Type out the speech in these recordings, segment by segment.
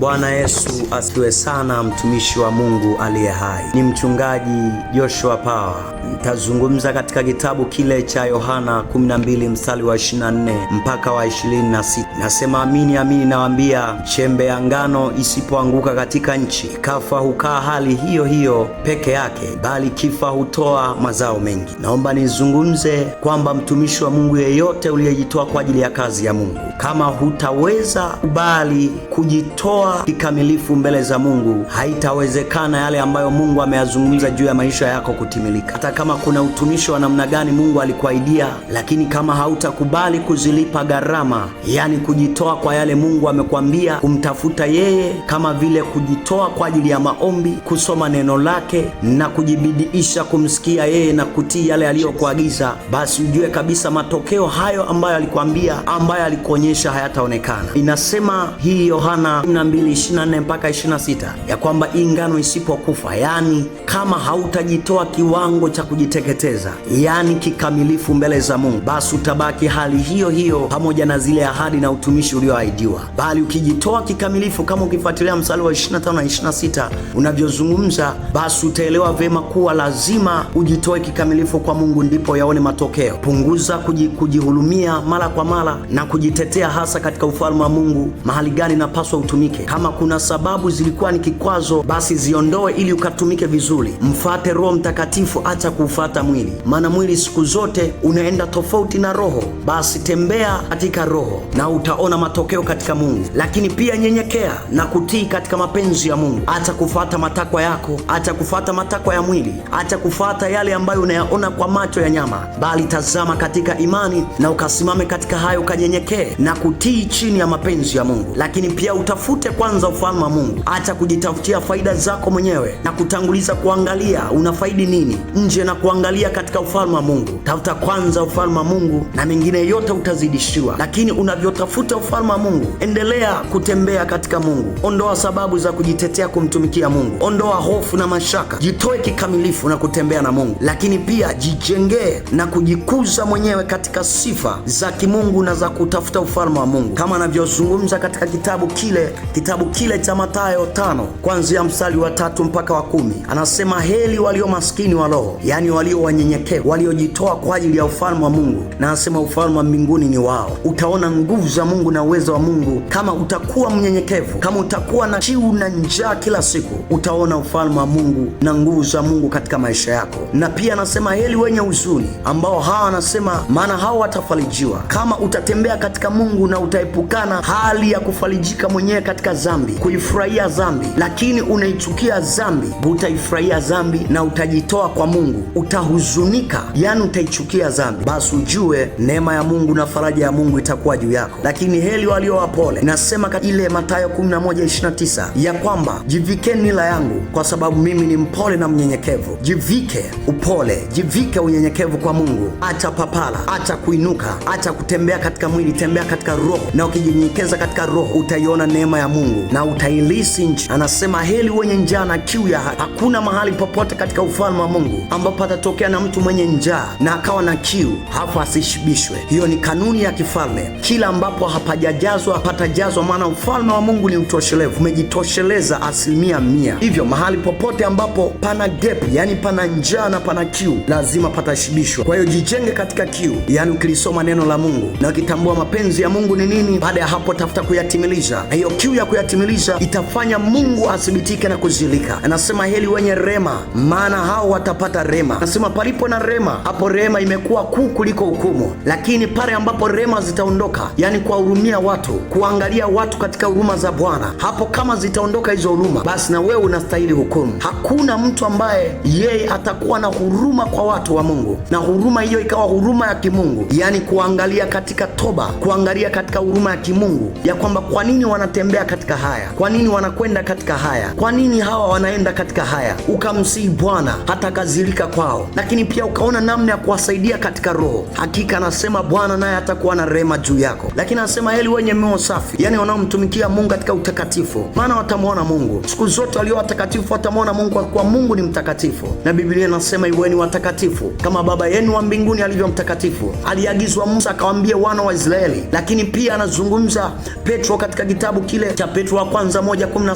Bwana Yesu asifiwe sana. Mtumishi wa Mungu aliye hai ni mchungaji Joshua Pawa. Nitazungumza katika kitabu kile cha Yohana 12 mstari wa 24 mpaka wa 26. Nasema, amini amini nawaambia, chembe ya ngano isipoanguka katika nchi ikafa, hukaa hali hiyo hiyo peke yake, bali kifa hutoa mazao mengi. Naomba nizungumze kwamba mtumishi wa Mungu yeyote uliyejitoa kwa ajili ya kazi ya Mungu, kama hutaweza kubali kujitoa kikamilifu mbele za Mungu, haitawezekana yale ambayo Mungu ameyazungumza juu ya maisha yako kutimilika. Hata kama kuna utumishi wa namna gani Mungu alikuahidia, lakini kama hautakubali kuzilipa gharama, yani kujitoa kwa yale Mungu amekwambia, kumtafuta yeye, kama vile kujitoa kwa ajili ya maombi, kusoma neno lake na kujibidiisha kumsikia yeye na kutii yale aliyokuagiza, basi ujue kabisa matokeo hayo ambayo alikwambia, ambayo alikuonyesha hayataonekana. Inasema hii Yohana 12 mbili mpaka 26, ya kwamba hii ngano isipokufa, yaani kama hautajitoa kiwango cha kujiteketeza, yaani kikamilifu mbele za Mungu, basi utabaki hali hiyo hiyo pamoja na zile ahadi na utumishi ulioahidiwa, bali ukijitoa kikamilifu, kama ukifuatilia mstari wa 25 na 26 unavyozungumza, basi utaelewa vema kuwa lazima ujitoe kikamilifu kwa Mungu ndipo yaone matokeo. Punguza kuji, kujihulumia mara kwa mara na kujitetea, hasa katika ufalme wa Mungu. Mahali gani napaswa utumike? Kama kuna sababu zilikuwa ni kikwazo, basi ziondoe ili ukatumike vizuri. Mfate Roho Mtakatifu, acha kuufata mwili, maana mwili siku zote unaenda tofauti na Roho. Basi tembea katika Roho na utaona matokeo katika Mungu, lakini pia nyenyekea na kutii katika mapenzi ya Mungu. Acha kufata matakwa yako, acha kufata matakwa ya mwili, acha kufata yale ambayo unayaona kwa macho ya nyama, bali tazama katika imani na ukasimame katika hayo, ukanyenyekee na kutii chini ya mapenzi ya Mungu, lakini pia utafute kwanza ufalme wa Mungu, acha kujitafutia faida zako mwenyewe na kutanguliza kuangalia unafaidi nini nje na kuangalia katika ufalme wa Mungu. Tafuta kwanza ufalme wa Mungu na mengine yote utazidishiwa. Lakini unavyotafuta ufalme wa Mungu, endelea kutembea katika Mungu, ondoa sababu za kujitetea kumtumikia Mungu, ondoa hofu na mashaka, jitoe kikamilifu na kutembea na Mungu. Lakini pia jijengee na kujikuza mwenyewe katika sifa za kimungu na za kutafuta ufalme wa Mungu kama anavyozungumza katika kitabu kile kitabu kile cha Mathayo tano kuanzia mstari wa tatu mpaka wa kumi anasema, heli walio maskini wa roho, yaani walio wanyenyekevu, waliojitoa kwa ajili ya ufalme wa Mungu, na anasema ufalme wa mbinguni ni wao. Utaona nguvu za Mungu na uwezo wa Mungu kama utakuwa mnyenyekevu, kama utakuwa na kiu na njaa kila siku, utaona ufalme wa Mungu na nguvu za Mungu katika maisha yako. Na pia anasema heli wenye huzuni, ambao hawa anasema, maana hao watafarijiwa. Kama utatembea katika Mungu na utaepukana hali ya kufarijika mwenyewe katika katika zambi, kuifurahia zambi, lakini unaichukia zambi, utaifurahia zambi na utajitoa kwa Mungu, utahuzunika, yani utaichukia zambi. Basi ujue neema ya Mungu na faraja ya Mungu itakuwa juu yako, lakini heli walio wapole. inasema ile Mathayo 11:29 ya kwamba jivikeni nila yangu, kwa sababu mimi ni mpole na mnyenyekevu. Jivike upole, jivike unyenyekevu kwa Mungu. Acha papala, acha kuinuka, acha kutembea katika mwili, tembea katika roho, na ukijinyenyekeza katika roho utaiona neema ya Mungu. Mungu na utailisi nchi. Anasema, heli wenye njaa na kiu ya haki. Hakuna mahali popote katika ufalme wa Mungu ambapo atatokea na mtu mwenye njaa na akawa na kiu hapo asishibishwe. Hiyo ni kanuni ya kifalme. Kila ambapo hapajajazwa patajazwa, maana ufalme wa Mungu ni utoshelevu, umejitosheleza asilimia mia. Hivyo mahali popote ambapo pana gap, yani pana njaa na pana kiu, lazima patashibishwa. Kwa hiyo jijenge katika kiu, yani ukilisoma neno la Mungu na ukitambua mapenzi ya Mungu ni nini, baada ya hapo tafuta kuyatimiliza, na hiyo kiu ya kuyatimilisha, itafanya Mungu athibitike na kuzilika. Anasema heli wenye rema, maana hao watapata rema. Anasema palipo na rema, hapo rema imekuwa kuu kuliko hukumu. Lakini pale ambapo rema zitaondoka, yani kuwahurumia watu, kuangalia watu katika huruma za Bwana, hapo kama zitaondoka hizo huruma, basi na wewe unastahili hukumu. Hakuna mtu ambaye yeye atakuwa na huruma kwa watu wa Mungu na huruma hiyo ikawa huruma ya kimungu, yani kuangalia katika toba, kuangalia katika huruma ya kimungu ya kwamba kwa nini wanatembea katika katika haya? Kwa nini wanakwenda katika haya? Kwa nini hawa wanaenda katika haya? Ukamsihi Bwana hata kazilika kwao, lakini pia ukaona namna ya kuwasaidia katika roho. Hakika anasema Bwana naye atakuwa na rehema juu yako, lakini anasema heli wenye mioyo safi, yani wanaomtumikia Mungu katika utakatifu, maana watamwona Mungu. Siku zote walio watakatifu watamwona Mungu, kwa kuwa Mungu ni mtakatifu, na Biblia inasema iweni watakatifu kama Baba yenu wa mbinguni alivyo mtakatifu. Aliagizwa Musa akawambie wana wa Israeli, lakini pia anazungumza Petro katika kitabu kile cha Petro wa kwanza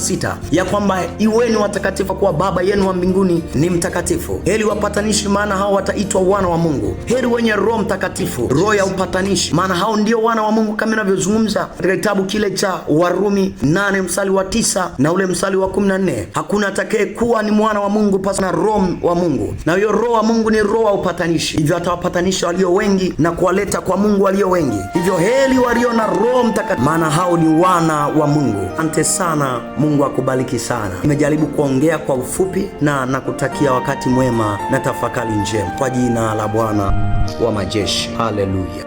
sita ya kwamba iweni watakatifu kwa Baba yenu wa mbinguni ni mtakatifu. Heri wapatanishi, maana hao wataitwa wana wa Mungu. Heri wenye Roho Mtakatifu, roho ya upatanishi, maana hao ndio wana wa Mungu, kama inavyozungumza katika kitabu kile cha Warumi 8 mstari wa tisa na ule mstari wa 14, hakuna atakaye kuwa ni mwana wa Mungu pasi na roho wa Mungu, na huyo roho wa Mungu ni roho wa upatanishi. Hivyo atawapatanisha walio wengi na kuwaleta kwa Mungu walio wengi. Hivyo heri walio na Roho Mtakatifu, maana hao ni wana wa Mungu ante sana, Mungu akubariki sana. Nimejaribu kuongea kwa ufupi na nakutakia wakati mwema na tafakari njema kwa jina la Bwana wa majeshi. Haleluya.